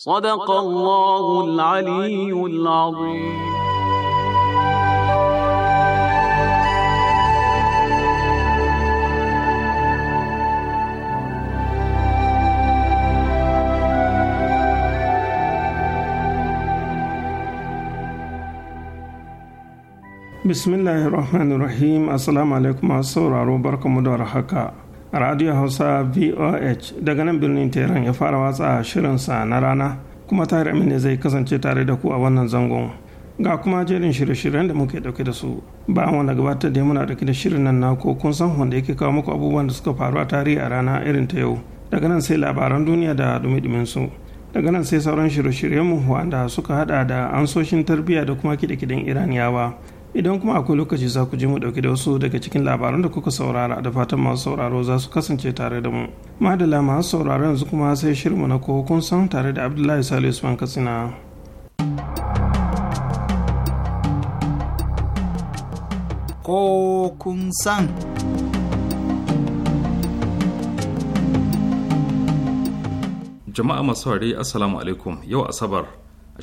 صدق الله العلي العظيم بسم الله الرحمن الرحيم السلام عليكم ورحمه الله وبركاته radio hausa voh daga nan birnin tehran ya fara watsa shirinsa na rana kuma tahir ne zai kasance tare da ku a wannan zangon ga kuma jerin shirye-shiryen da muke dauke da su mu na gabatar da muna dauke da shirin nan na ko kun san wanda yake kawo muku abubuwan da suka faru a tarihi a rana irin ta yau daga nan sai labaran duniya da dumi su daga nan sai sauran shirye shiryen mu wanda suka hada da ansoshin tarbiyya da kuma kide-kiden iraniyawa idan kuma akwai lokaci za ku je mu dauke da wasu daga cikin labaran da kuka saurara da fatan masu sauraro za su kasance tare da mu madala masu sauraro yanzu kuma sai shirinmu na ko kun san tare da abdullahi salisu usman katsina ko kun san jama'a masu saurari assalamu alaikum yau asabar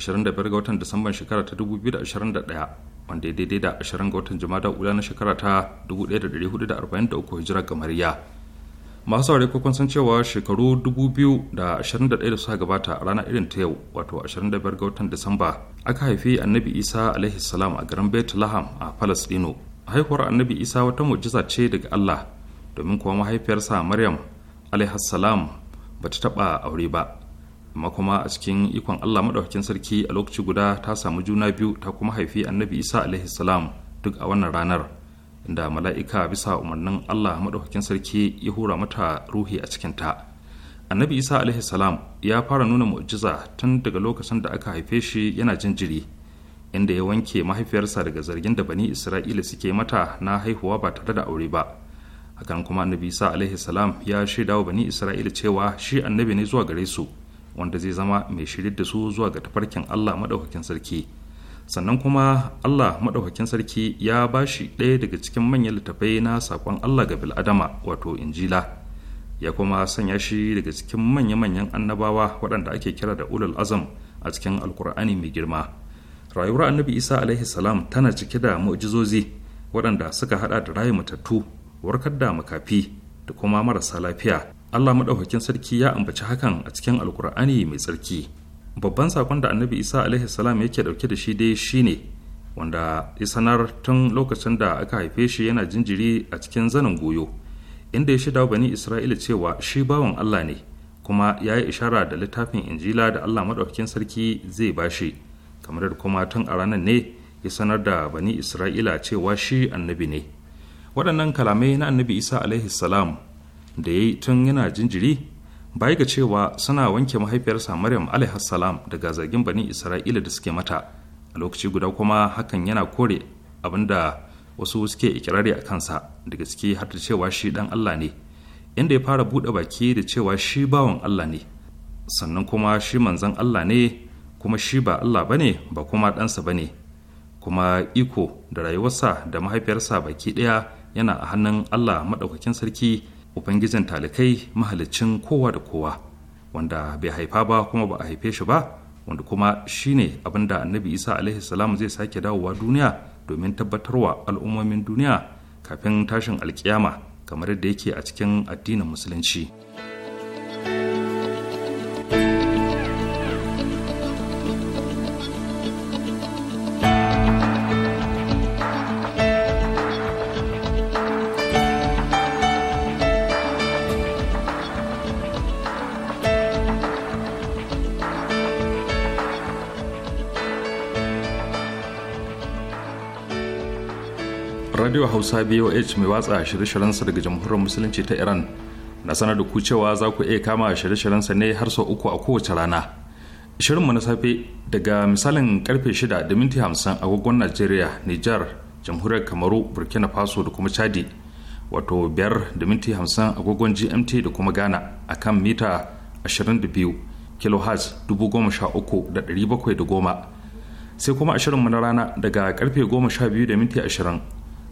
25 ga watan disamban shekara ta 2021 wanda ya daidai da 20 ga watan jumada ula na shekara ta 1443 hijirar gamariya masu saurari ko san cewa shekaru 2021 da suka gabata a ranar irin ta yau wato 25 ga watan disamba aka haifi annabi isa alaihi salam a garin bethlehem a palestino haihuwar annabi isa wata mu'jiza ce daga allah domin kuwa mahaifiyarsa maryam alaihi salam ba ta taɓa aure ba amma kuma a cikin ikon Allah madaukakin sarki a lokaci guda ta samu juna biyu ta kuma haifi annabi Isa alaihi salam duk a wannan ranar inda mala'ika bisa umarnin Allah madaukakin sarki ya hura mata ruhi a cikin ta annabi Isa alaihi salam ya fara nuna mu'jiza tun daga lokacin da aka haife shi yana jin jiri inda ya wanke mahaifiyarsa daga zargin da bani Isra'ila suke mata na haihuwa ba tare da aure ba hakan kuma annabi isa alaihi salam ya shaidawa bani isra'ila cewa shi annabi ne zuwa gare su wanda zai zama mai shirin da su zuwa ga tafarkin Allah maɗaukakin sarki sannan kuma Allah maɗaukakin sarki ya ba shi ɗaya daga cikin manyan littattafai na saƙon Allah ga bil'adama wato injila ya kuma sanya shi daga cikin manya-manyan annabawa waɗanda ake kira da ulul azam a cikin alkur'ani mai girma rayuwar annabi isa alaihi salam tana cike da mu'jizozi waɗanda suka haɗa da rayu matattu warkar da makafi da kuma marasa lafiya Allah maɗaukakin sarki ya ambaci hakan a cikin alkur'ani mai tsarki babban saƙon da annabi isa alaihi salam yake ɗauke da shi dai shine wanda ya sanar tun lokacin da aka haife shi yana jinjiri a cikin zanen goyo inda ya shida bani isra'ila cewa shi bawan Allah ne kuma ya yi ishara da littafin injila da Allah maɗaukakin sarki zai ba shi kamar da kuma tun a ranar ne ya sanar da bani isra'ila cewa shi annabi ne waɗannan kalamai na annabi isa alaihi da ya yi tun yana jinjiri bai ga cewa suna wanke mahaifiyarsa maryam salam daga zargin bani isra'ila da suke mata a lokaci guda kuma hakan yana kore abinda wasu suke ikirari a kansa daga gaske har da cewa shi dan allah ne inda ya fara buɗe baki da cewa shi bawan allah ne sannan kuma shi manzan allah ne kuma shi ba allah ba ne ba kuma ɗansa ba ne kuma iko da rayuwarsa da mahaifiyarsa baki ɗaya yana a hannun allah maɗaukakin sarki ubangijin talikai mahalicin kowa da kowa wanda bai haifa ba kuma ba a haife shi ba wanda kuma shine abin da annabi isa alaihi salam zai sake dawowa duniya domin tabbatarwa al'ummomin duniya kafin tashin alkiyama kamar yadda yake a cikin addinin musulunci. hausa boh mai watsa shirye-shiryensa daga jamhuriyar musulunci ta iran na sanar da ku cewa za ku iya kama shirye sa ne har sau uku a kowace rana shirin mu na safe daga misalin karfe shida da minti 50 agogon najeriya nijar jamhuriyar kamaru burkina faso da kuma chadi wato 5 da minti 50 agogon gmt da kuma ghana a kan mita 22 da 13710 sai kuma ashirinmu na rana daga karfe goma sha biyu da minti ashirin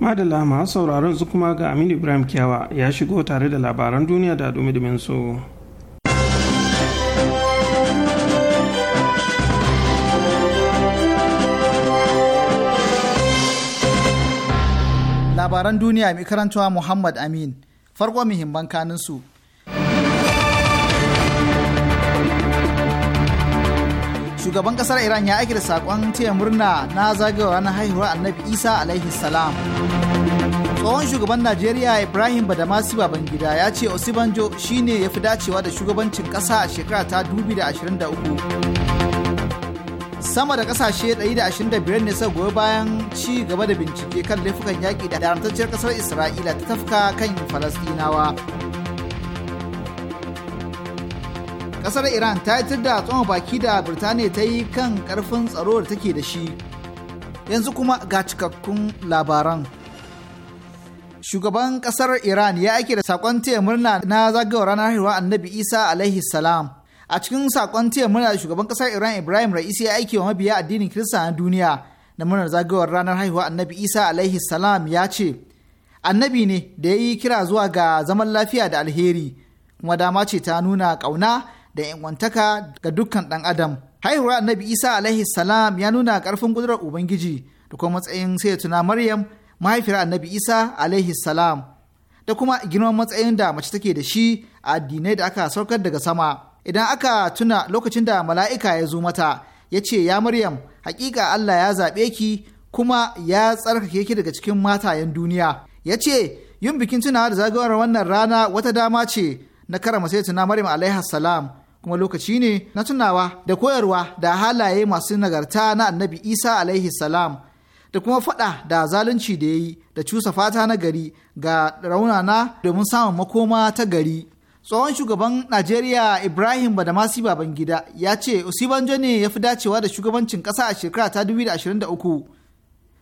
Madala masu sauraron su kuma ga aminu ibrahim kyawa ya shigo tare da labaran duniya da dumi su. labaran duniya mai karantawa muhammad amin farko muhimman kanin su shugaban kasar iran ya aiki da sakon taya murna na zagawa na haihuwar annabi isa alaihi salam tsohon shugaban najeriya ibrahim badamasi babangida ya ce osibanjo shine ya fi dacewa da shugabancin kasa a shekara ta 2023 sama da ƙasashe 125 ne sa goyo bayan ci gaba da bincike kan laifukan yaƙi da haramtacciyar kasar isra'ila ta tafka kan falastinawa kasar iran ta yi da tsoma baki da birtaniya ta yi kan karfin tsaro da take da shi yanzu kuma ga cikakkun labaran shugaban kasar iran ya aike da sakon taya murna na zagayowar ranar haihuwa annabi isa alaihi salam a cikin sakon taya murna shugaban kasar iran ibrahim ra'isi ya aike wa mabiya addinin kirista na duniya na murnar zagayowar ranar haihuwa annabi isa alaihi salam ya ce annabi ne da ya yi kira zuwa ga zaman lafiya da alheri kuma dama ce ta nuna ƙauna da yankwantaka ga dukkan ɗan adam haihuwar annabi isa alaihi salam ya nuna ƙarfin ƙudurar ubangiji da kuma matsayin sai tuna maryam mahaifiyar annabi isa alaihi salam da kuma girman matsayin da mace take da shi a addinai da aka saukar daga sama idan aka tuna lokacin da mala'ika ya zo mata ya ce ya maryam hakika allah ya zaɓe ki kuma ya tsarkake ki daga cikin matayen duniya ya ce yin bikin tunawa da zagayowar wannan rana wata dama ce na karama sai tuna maryam alaihi salam kuma lokaci ne na tunawa da koyarwa da halaye masu nagarta na annabi isa alaihi salam da kuma faɗa da zalunci da ya yi da cusa fata na gari ga raunana domin samun makoma ta gari tsohon shugaban najeriya ibrahim badamasi babangida ya ce usibanjo ne ya fi dacewa da shugabancin kasa a shekara ta 2023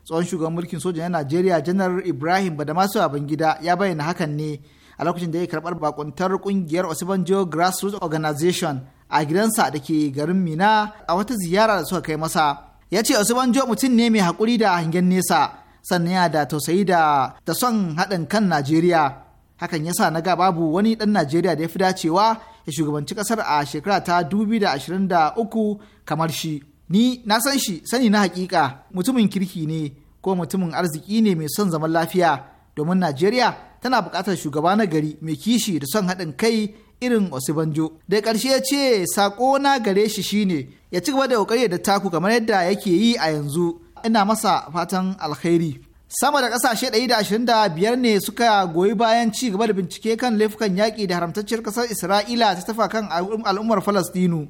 tsohon shugaban mulkin sojan na najeriya janar ibrahim badamasi babangida ya bayyana hakan ne a lokacin da ya karɓar bakuntar kungiyar Osibanjo Grassroots Organization a gidansa da ke garin Mina a wata ziyara da suka kai masa. Ya ce Osibanjo mutum ne mai haƙuri da hangen nesa sannan yana da tausayi da da son haɗin kan Najeriya. Hakan ya sa na ga babu wani ɗan Najeriya da ya fi dacewa ya shugabanci ƙasar a shekara ta 2023 kamar shi. Ni na san shi sani na haƙiƙa mutumin kirki ne ko mutumin arziki ne mai son zaman lafiya domin Najeriya tana buƙatar shugaba na gari mai kishi da son haɗin kai irin Osibanjo. Da ƙarshe ya ce saƙo na gare shi shine ya ci gaba da ƙoƙari da taku kamar yadda yake yi a yanzu. Ina masa fatan alkhairi. Sama da ƙasashe ɗari da ashirin da biyar ne suka goyi bayan ci gaba da bincike kan laifukan yaƙi da haramtacciyar ƙasar Isra'ila ta tafa kan al'ummar Falastinu.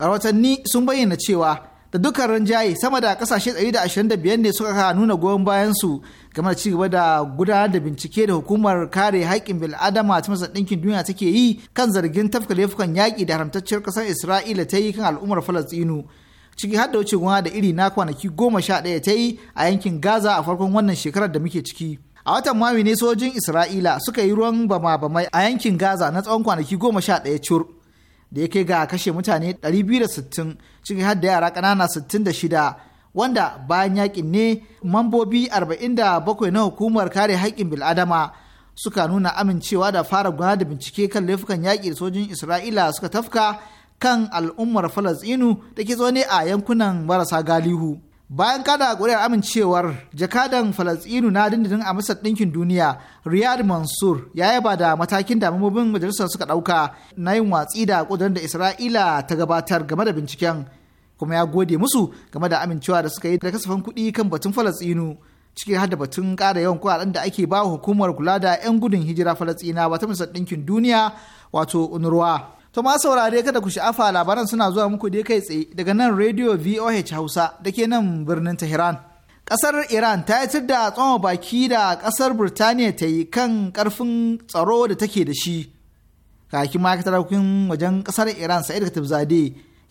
Rahotanni sun bayyana cewa da dukkan rinjaye sama da kasashe 125 ne suka nuna goyon su game da cigaba da gudanar da bincike da hukumar kare haƙƙin bil'adama ta masa ɗinkin duniya take yi kan zargin tafka laifukan yaƙi da haramtacciyar ƙasar isra'ila ta yi kan al'ummar falastinu ciki har da wuce gona da iri na kwanaki goma sha ɗaya ta yi a yankin gaza a farkon wannan shekarar da muke ciki a watan mayu ne sojin isra'ila suka yi ruwan bama-bamai a yankin gaza na tsawon kwanaki goma sha ɗaya cur da ya kai ga kashe mutane 260 ciki har da yara ƙanana 66 wanda bayan yakin ne mambobi 47 na hukumar kare haƙƙin bil'adama suka nuna amincewa da fara gudanar da bincike kan laifukan yaƙi da sojin isra'ila suka tafka kan al'ummar falasɗinu da ke zaune a yankunan marasa galihu bayan kada ƙuri'ar amincewar jakadan falasɗinu na dindindin a masar ɗinkin duniya riyad mansur ya yaba da matakin da mamobin majalisar suka ɗauka na yin watsi da ƙudurin da isra'ila ta gabatar game da binciken kuma ya gode musu game da amincewa da suka yi da kasafin kuɗi kan batun falasɗinu ciki har da batun ƙara yawan kuɗaɗen da ake ba hukumar kula da 'yan gudun hijira falasɗinawa ta masar ɗinkin duniya wato unurwa To ma saurare kada ku sha'afa labaran suna zuwa muku dai kai tsaye daga nan Radio VOH Hausa da ke nan birnin Tehran. Kasar Iran ta yi da tsawon baki da kasar Birtaniya ta yi kan karfin tsaro da take da shi. Kaki ma hukin wajen kasar Iran Sa'id Katibzade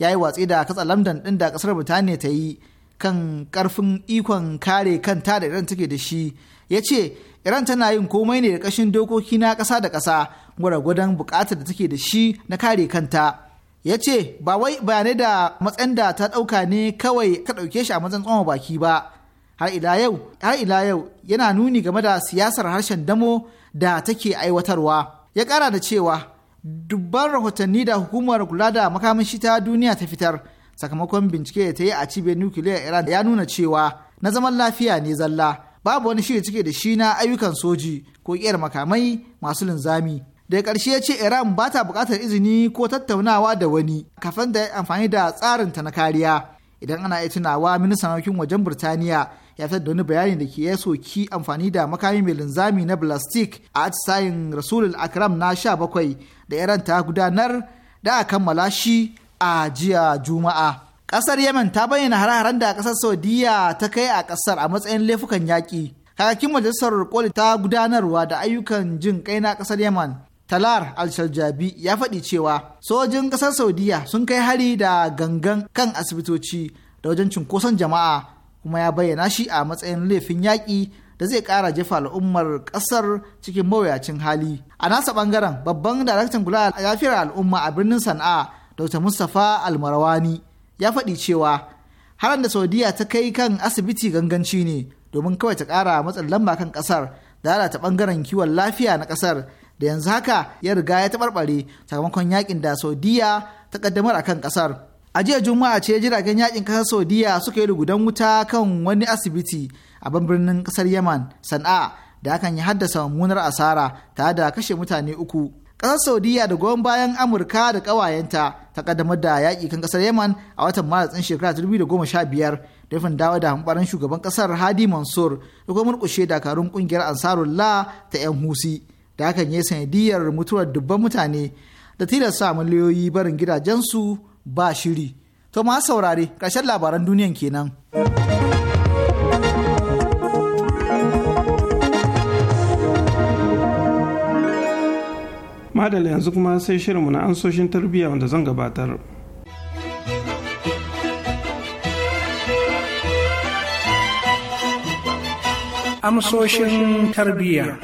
ya yi watsi da katsa lamdan din da kasar Birtaniya ta yi kan karfin ikon kare kanta da Iran take da shi ya ce iran tana yin komai ne da kashin dokoki na ƙasa da ƙasa gwargwadon buƙatar da take da shi na kare kanta ya ce ba wai bayanai da matsayin da ta ɗauka ne kawai ka ɗauke shi a matsayin tsoma baki ba har ila yau har ila yau yana nuni game da siyasar harshen damo da take aiwatarwa ya ƙara da cewa dubban rahotanni da hukumar kula da makamashi ta duniya ta fitar sakamakon bincike da ta yi a cibiyar nukiliyar iran ya nuna cewa na zaman lafiya ne zalla babu wani shiri cike da shi na ayyukan soji ko kiyar makamai masu linzami da ƙarshe ya ce iran ba ta buƙatar izini ko tattaunawa da wani kafin da amfani da tsarin ta na kariya idan ana iya tunawa ministan harkokin wajen birtaniya ya fitar da wani bayani da ke ya soki amfani da makami mai linzami na plastic a atisayin rasulul akram na sha bakwai da iran ta gudanar da a kammala shi a jiya juma'a Ƙasar Yemen ta bayyana hare-haren da kasar Saudiya ta kai a ƙasar a matsayin laifukan yaƙi. Kakakin majalisar koli ta gudanarwa da ayyukan jin kai na ƙasar Yemen. Talar Al-Shaljabi ya faɗi cewa sojin ƙasar Saudiya sun kai hari da gangan kan asibitoci da wajen cunkoson jama'a kuma ya bayyana shi a matsayin laifin yaƙi da zai ƙara jefa al'ummar ƙasar cikin mawuyacin hali. A nasa ɓangaren babban daraktan kula lafiyar al'umma a birnin Sana'a Dr. Mustapha Almarawani ya faɗi cewa haran da saudiya ta kai kan asibiti ganganci ne domin kawai ta ƙara matsin lamba kan ƙasar da lalata ɓangaren kiwon lafiya na ƙasar da yanzu haka ya riga ya taɓarɓare sakamakon yakin da saudiya ta ƙaddamar akan kan ƙasar a jiya juma'a ce jiragen yakin ƙasar saudiya suka yi rugudan wuta kan wani asibiti a birnin ƙasar yaman sana'a da hakan ya haddasa mummunar asara tare da kashe mutane uku ƙasar saudiya da goyon bayan amurka da ƙawayenta ta kaddamar da yaƙi kan ƙasar yaman a watan maris ɗin shekara 2015 da fin dawo da hamɓarin shugaban ƙasar hadi mansur da kuma murƙushe dakarun ƙungiyar ansarullah ta yan husi da hakan ya yi sanadiyar mutuwar dubban mutane da tilasta miliyoyi barin gidajensu ba shiri to ma saurare ƙarshen labaran duniyan kenan. madalla yanzu kuma sai shirinmu na ansoshin tarbiyya wanda zan gabatar. Amsoshin tarbiyya.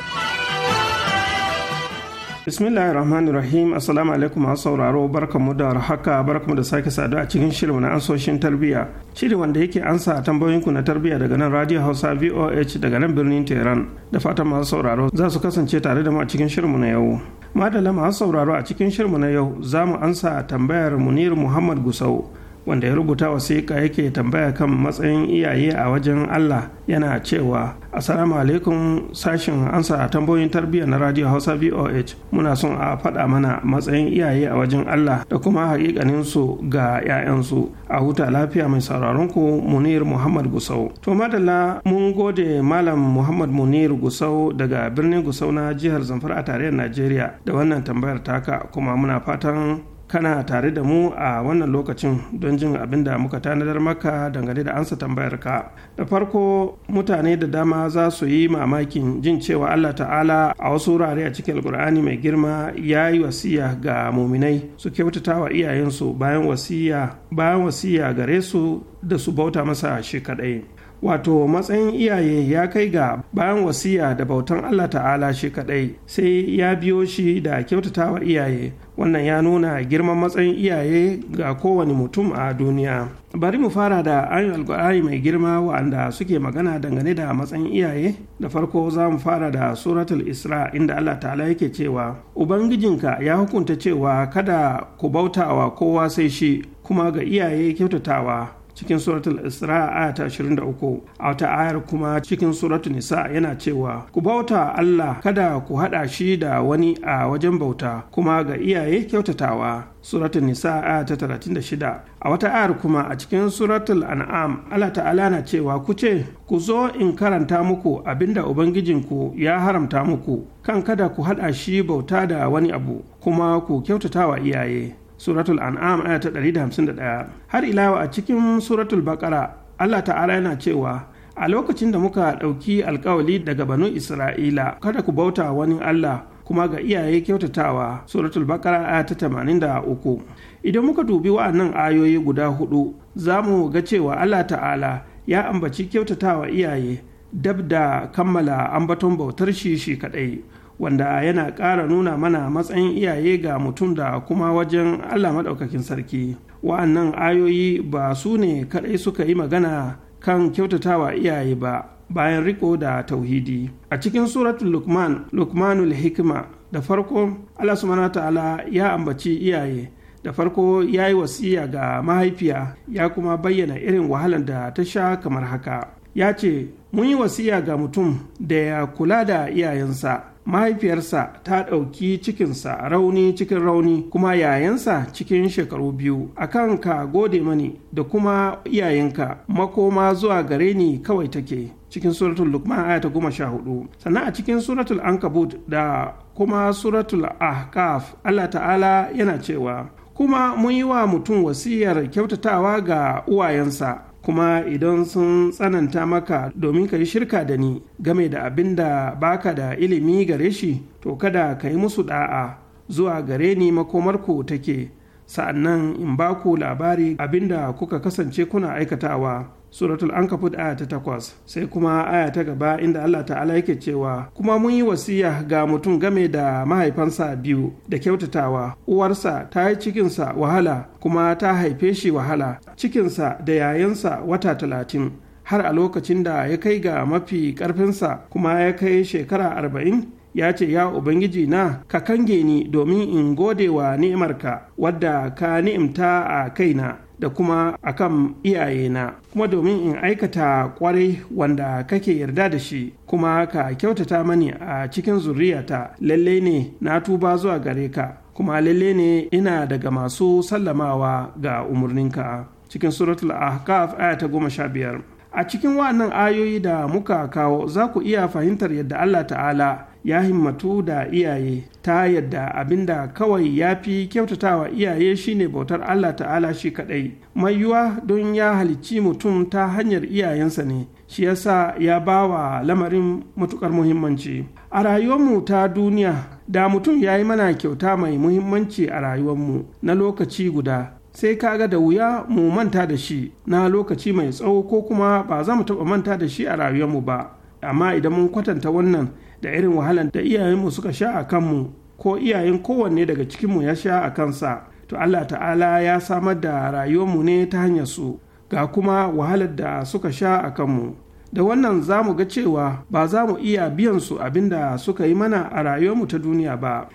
bismillahir rahmanir rahim assalamu alaikum masu sauraro mu da haka barkamu da sake sadu a cikin shirin na ansoshin tarbiyya shiri wanda yake ansa a tambayoyinku na tarbiyya daga nan radio hausa voh daga nan birnin tehran da fatan masu sauraro za su kasance tare da mu a cikin shirinmu na yau madalla masu sauraro a cikin shirinmu na yau za mu ansa tambayar munir muhammad gusau wanda ya rubuta wasiƙa yake tambaya kan matsayin iyaye a wajen Allah yana cewa Assalamu alaikum sashin ansa tambayoyin tarbiyya na Radio Hausa VOH muna son a faɗa mana matsayin iyaye a wajen Allah da kuma haƙiƙanin su ga 'ya'yansu a huta lafiya mai sauraron ku Munir Muhammad Gusau. To madalla mun gode Malam Muhammad Munir Gusau daga birnin Gusau na jihar Zamfara a tarayyar Najeriya da wannan tambayar taka kuma muna fatan kana tare da mu a wannan lokacin don jin abin da muka tanadar maka dangane da ansa tambayarka da farko mutane da dama za su yi mamakin jin cewa allah ta'ala a wasu wurare a cikin alkur'ani mai girma ya yi wasiya ga muminai su kyautata wa iyayensu bayan wasiya bayan wasiya gare su da su bauta masa shi kaɗai wato matsayin iyaye ya kai ga bayan wasiya da bautan Allah ta'ala shi kadai sai ya biyo shi da kyautatawa iyaye wannan ya nuna girman matsayin iyaye ga kowane mutum a duniya bari mu fara da ayin alkur'ani mai girma wa'anda suke magana dangane da matsayin iyaye da farko za mu fara da suratul isra inda allah ta'ala yake cewa ubangijinka ya hukunta cewa kada ku bautawa kowa sai shi kuma ga iyaye kyautatawa cikin suratul isra aya ta 23 a wata ayar kuma cikin suratul nisa yana cewa ku bauta Allah kada ku hada shi da wani a wajen bauta kuma ga iyaye kyautatawa suratul nisa aya ta 36 a wata ayar kuma a cikin suratul an'am Allah ta'ala na cewa ku ce ku zo in karanta muku abinda ubangijinku ya haramta muku kan kada ku hada shi bauta da wani abu kuma ku kyautatawa iyaye suratul an'am aya ta 151 har ilawa a cikin suratul bakara allah ta'ala yana cewa a lokacin da muka ɗauki alkawali daga banu isra'ila kada ku bauta wani allah kuma ga iyaye kyautatawa suratul bakara aya ta 83 idan muka dubi wa'annan ayoyi guda hudu za mu ga cewa allah ta'ala ya ambaci kyautatawa iyaye dab da kammala ambaton bautar shi shi kadai wanda yana ƙara nuna mana matsayin iyaye ga mutum da kuma wajen Allah maɗaukakin sarki. Wa'annan ayoyi ba su ne kaɗai suka yi magana kan kyautatawa iyaye ba bayan riko da tauhidi. A cikin suratul Lukman, Lukmanul Hikima da farko Allah subhanahu ta'ala ya ambaci iyaye. Da farko ya yi wasiya ga mahaifiya ya kuma bayyana irin wahalar da ta sha kamar haka. Ya ce, Mun yi wasiya ga mutum da ya kula da iyayensa, mahaifiyarsa ta ɗauki cikinsa rauni cikin rauni kuma yayansa cikin shekaru biyu akan ka gode mani da kuma iyayenka makoma zuwa gare ni kawai take cikin suratul lukman aya ta goma sha hudu sannan a cikin suratul ankabut da kuma suratul ahkaf allah ta'ala yana cewa kuma mun yi wa mutum wasiyar kyautatawa ga uwayensa kuma idan sun tsananta maka domin ka yi shirka da ni game da abin da baka da ilimi gare shi to kada ka yi musu da'a zuwa gare ni makomarku take sa'annan in ba ku labari abin da kuka kasance kuna aikatawa suratul ankabut aya ta takwas sai kuma aya ta gaba inda allah ta'ala yake cewa kuma mun yi wasiya ga mutum game da mahaifansa biyu da kyautatawa uwarsa ta yi cikinsa wahala kuma ta haife shi wahala cikinsa da yayansa wata talatin har a lokacin da ya kai ga mafi ƙarfinsa kuma ya kai shekara arba'in ya ce ya ubangiji na ka kange ni domin in gode wa ni'imarka wadda ka ni'imta a kaina da kuma a akan iyayena kuma domin in aikata kwarai wanda kake yarda da shi kuma ka kyautata mani a cikin zuriyata lalle ne na tuba zuwa gare ka kuma lalle ne ina daga masu sallamawa ga umarninka cikin suratul ahqaf ayata goma sha biyar a cikin wannan ayoyi da muka kawo za ku iya fahimtar yadda allah ta'ala ya himmatu da iyaye ta yadda abinda kawai ya fi kyautatawa iyaye shine bautar Allah ta'ala shi kadai mai yiwuwa don ya halicci mutum ta hanyar iyayensa ne shi yasa ya ba wa lamarin matukar muhimmanci a rayuwarmu ta duniya da mutum ya yi mana kyauta mai muhimmanci a rayuwarmu na lokaci guda sai ka ga da wuya mu manta da shi na lokaci mai tsawo ko kuma ba za mu taɓa manta da shi a rayuwarmu ba amma idan mun kwatanta wannan da irin wahalar da iyayenmu suka sha a kanmu ko iyayen kowanne daga cikinmu ya sha a kansa to Allah ta'ala ya samar da rayuwarmu ne ta hanyar su ga kuma wahalar da suka sha a kanmu da wannan za mu ga cewa ba za mu iya biyan su abinda suka yi mana a rayuwarmu ta duniya ba.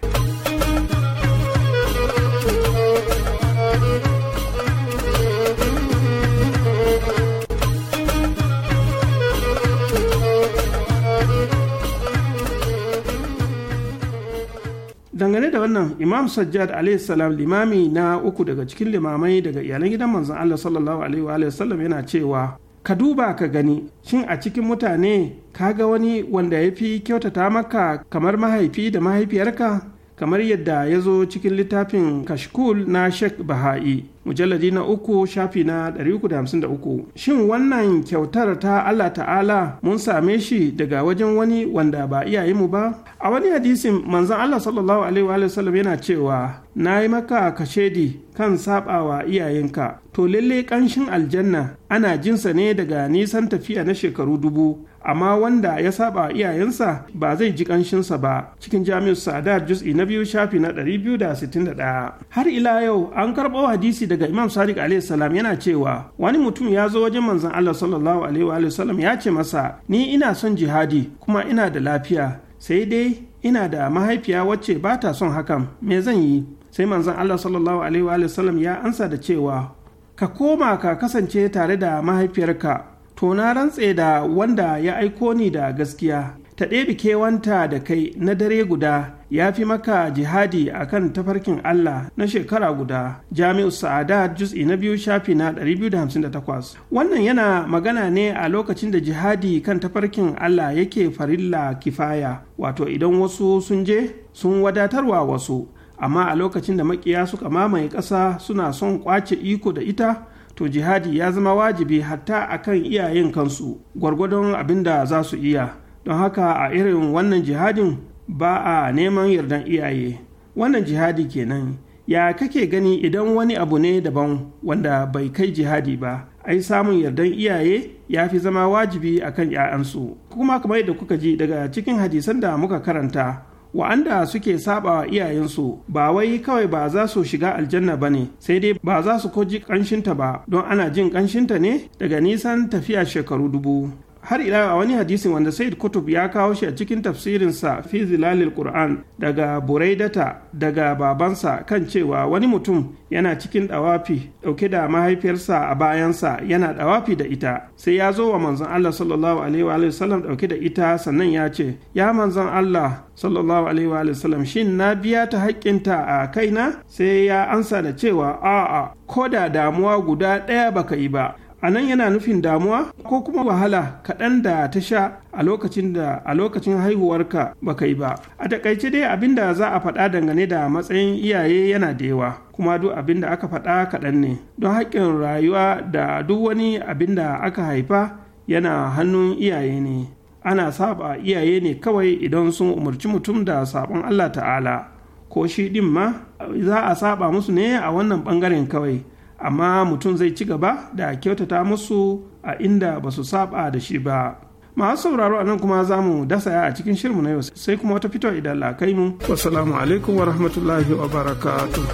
wannan imam sajjad alaihissalam limami na uku daga cikin limamai daga iyalan gidan manzon allah sallallahu alaihi wa sallam yana cewa ka duba ka gani shin a cikin mutane ka ga wani wanda ya fi kyautata maka kamar mahaifi da mahaifiyarka kamar yadda ya zo cikin littafin kashkul na shek baha'i mujalladi na uku shafi na 353 shin wannan kyautar ta Allah ta'ala mun same shi daga wajen wani wanda ba iyayenmu ba a wani hadisin manzon Allah sallallahu alaihi wa sallam yana cewa na yi maka kashedi kan sabawa iyayenka to lalle kanshin aljanna ana jinsa ne daga nisan tafiya na shekaru dubu amma wanda ya saba iyayensa ba zai ji kanshinsa ba cikin jami'ar sadar juz'i na biyu shafi na 261 har ila yau an karɓo hadisi daga imam sadiq alaihi salam yana cewa wani mutum ya zo wajen manzon allah sallallahu alaihi wa sallam ya ce masa ni ina son jihadi kuma ina da lafiya sai dai ina da mahaifiya wacce ba ta son hakan me zan yi sai manzon allah sallallahu alaihi wa sallam ya ansa da cewa ka koma ka kasance tare da mahaifiyarka to na rantse da wanda ya aiko ni da gaskiya ta ɗebi kewanta da kai na dare guda ya fi maka jihadi a kan tafarkin Allah na shekara guda jami'u sa'adat jus'i na biyu shafi na 258 wannan yana magana ne a lokacin da jihadi kan tafarkin Allah yake farilla kifaya wato idan wasu sun je sun wadatarwa wasu amma a lokacin da makiya suka mamaye ƙasa suna son kwace iko da ita to jihadi ya zama wajibi hatta akan iyayen kansu gwargwadon abin da za su iya don haka a irin wannan jihadin ba a neman yardan iyaye wannan jihadi kenan ya kake gani idan wani abu ne daban wanda bai kai jihadi ba ai samun yardan iyaye ya fi zama wajibi akan 'ya'yansu kuma kamar yadda kuka ji daga cikin hadisan da muka karanta wa'anda suke sabawa iyayensu ba wai kawai ba za su shiga aljanna ba ne sai dai ba za su koji ƙanshinta ba don ana jin ƙanshinta ne daga nisan tafiya shekaru dubu har ila a wani hadisin wanda said kutub ya kawo shi a cikin tafsirinsa fi zilalil qur'an daga buraidata daga babansa kan cewa wani mutum yana cikin dawafi dauke da mahaifiyarsa a bayansa yana dawafi da ita sai ya zo wa manzon Allah sallallahu alaihi wa sallam dauke da ita sannan ya ce ya manzon Allah sallallahu alaihi wa sallam shin na biya ta haƙƙinta a kaina sai ya ansa da cewa a'a koda damuwa guda ɗaya baka yi ba a nan yana nufin damuwa ko kuma wahala kaɗan da ta sha a lokacin da a lokacin haihuwarka baka yi ba a takaice dai abin da za a faɗa dangane da matsayin iyaye yana da yawa kuma duk abin da aka faɗa kaɗan ne don haƙƙin rayuwa da duk wani abin da aka haifa yana hannun iyaye ne ana saba iyaye ne kawai idan sun umarci mutum da sabon Allah ta'ala ko shi ɗin ma za a saba musu ne a wannan ɓangaren kawai amma mutum zai ci gaba da kyautata musu a inda ba su saba da shi ba masu sauraro a nan kuma za mu dasa a cikin shirmu na yau sai kuma wata fito idan lakai mu wasalamu alaikum wa rahmatullahi wa barakatuh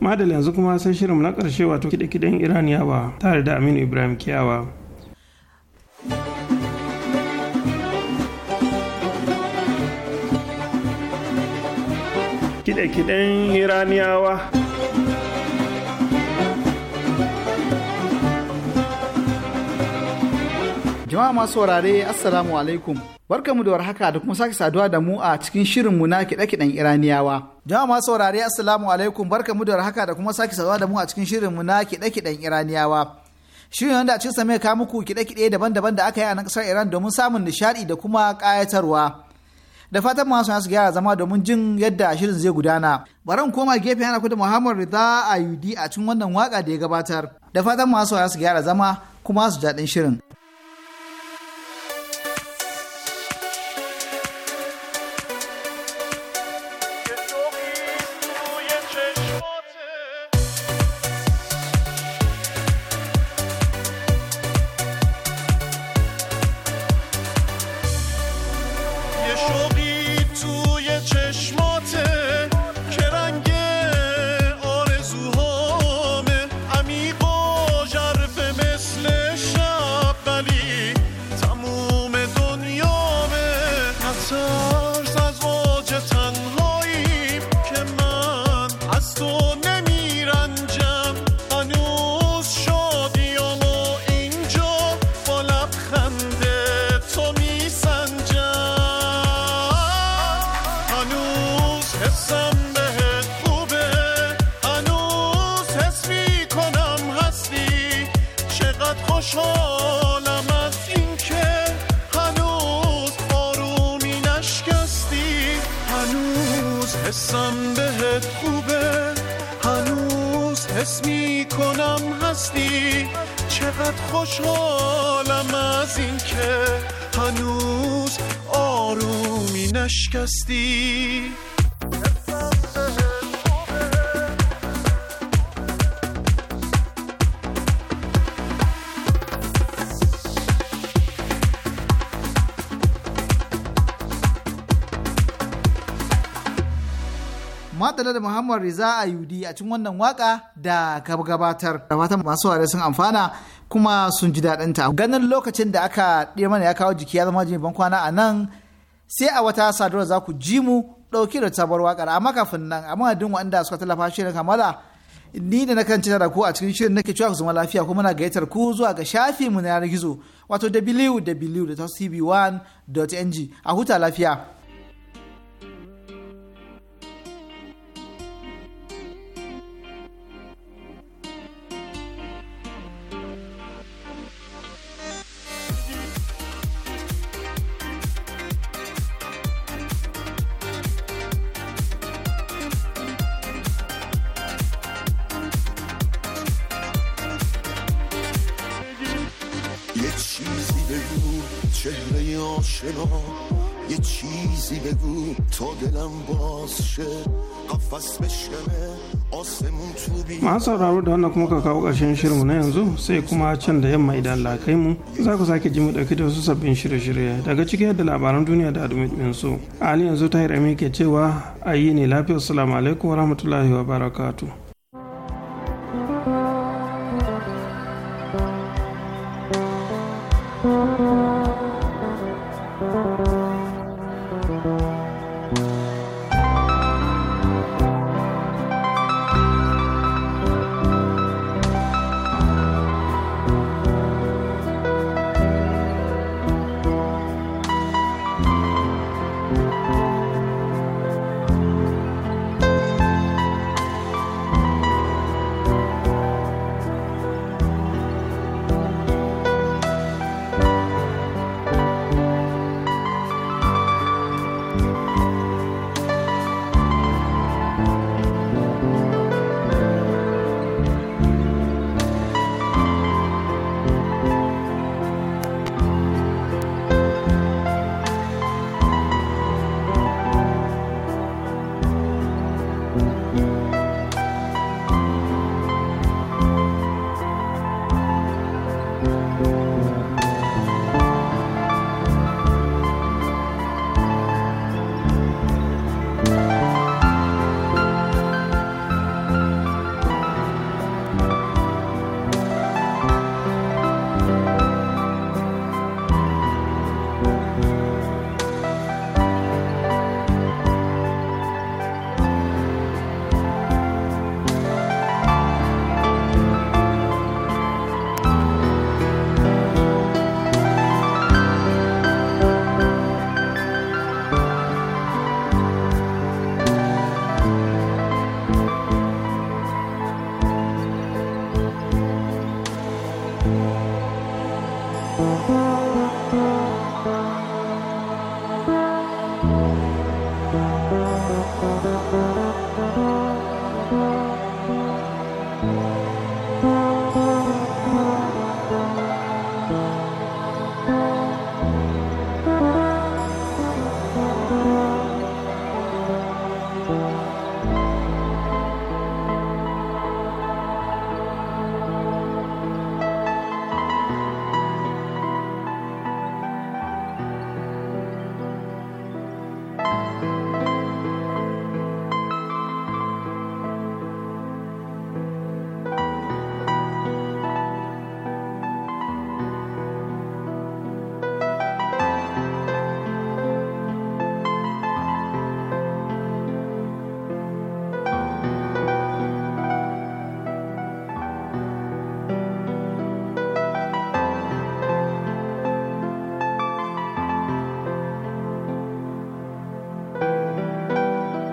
madal yanzu kuma sai shirin na karshe wato kiɗe-kiɗen iraniyawa tare da aminu ibrahim kiyawa. kiɗe-kiɗen iraniyawa jama'a masu wurare assalamu alaikum barkamu da warhaka da kuma sake saduwa da mu a cikin shirin mu na kiɗe-kiɗen iraniyawa jama'a masu wurare assalamu alaikum barkamu da warhaka da kuma sake saduwa da mu a cikin shirin mu na kiɗe-kiɗen iraniyawa shirin wanda a cikin sa mai kawo muku kiɗe-kiɗe daban-daban da aka yi a nan ƙasar iran domin samun nishaɗi da kuma ƙayatarwa da fatan masu su gyara zama domin jin yadda shirin zai gudana baran koma gefe yana kuda muhammad rida ayudi a cikin wannan waka da ya gabatar da fatan masu su gyara zama kuma su daɗin shirin کنم هستی چقدر خوشحالم از اینکه هنوز آرومی نشکستی tattare da Muhammad Riza Ayudi a cikin wannan waka da ka gabatar. Da fatan masu ware sun amfana kuma sun ji daɗin ta. Ganin lokacin da aka ɗaya mana ya kawo jiki ya zama ban kwana a nan sai a wata sadarwa za ku ji mu ɗauki da sabuwar wakar amma kafin nan amma adin wanda suka tallafa shirin kamala ni da na kan ci da ku a cikin shirin nake cewa ku zama lafiya kuma na gayyatar ku zuwa ga shafi mu na yanar gizo wato www.tv1.ng a huta lafiya. آشنا یه چیزی بگو تا دلم باز شه قفص آسمون تو بی sauraro da wannan kuma ka kawo ƙarshen shirinmu na yanzu sai kuma can da yamma idan lakai mu za ku sake ji mu ɗauki da wasu sabbin shirye-shirye daga ciki yadda labaran duniya da adumin su a yanzu yi amin ke cewa ayi ne lafiya assalamu alaikum wa rahmatullahi wa barakatu.